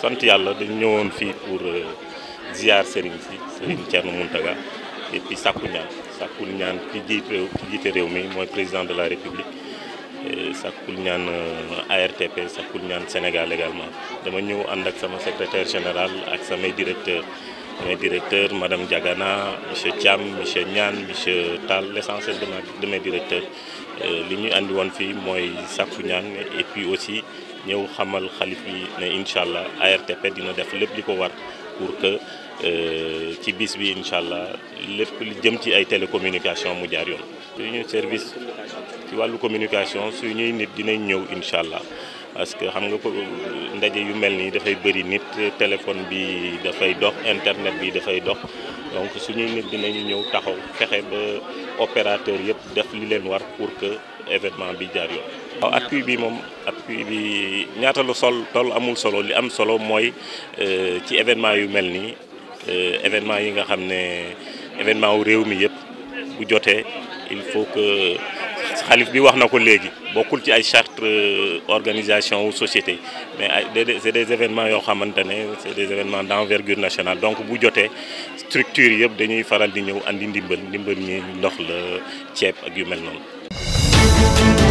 sant yàlla dañ ñëwoon fii pour euh, ziar Serigne si Serigne Thierno Mountaga et puis sàkku ñaan sàkkul ñaan ki réew ki réew mi mooy président de la république sàkkul ñaan euh, ARTP sàkkul ñaan Sénégal également dama ñëw ànd ak sama secrétaire général ak samay directeur samay directeur madame Diagana monsieur Thiam monsieur Niane monsieur Tall l'essentiel de mes directeurs Euh, li ñu andi woon fii mooy sakku ñaan et puis aussi ñëw xamal xalif yi ne incha allah ARTP dina def lépp li ko war pour que euh, ci bis bi incha allah lépp li jëm ci ay télécommunication mu jaar yoon. suñu service ci wàllu communication suñuy nit dinañ ñëw incha allah parce que xam nga ko ndaje yu mel nii dafay bëri nit téléphone bi dafay dox internet bi dafay dox. donc suñuy nit dinañu ñëw taxaw fexe ba opérateur yëpp def li leen war pour que événement bi jaar yoon. waaw bi moom appui bi ñaata lu sol toll amul solo li am solo mooy euh, ci événement yu mel nii euh, événement yi nga xam ne événement wu réew mi yëpp bu jotee il faut que. Khalif bi wax na ko léegi bokkul ci ay charte euh, organisation ou société mais c'est des événements yoo xamante ne c'est des événements d'envergure nationale donc bu jotee structure yëpp dañuy faral di ñëw andi ndimbal ndimbal ñi ndox la ceeb ak yu mel noonu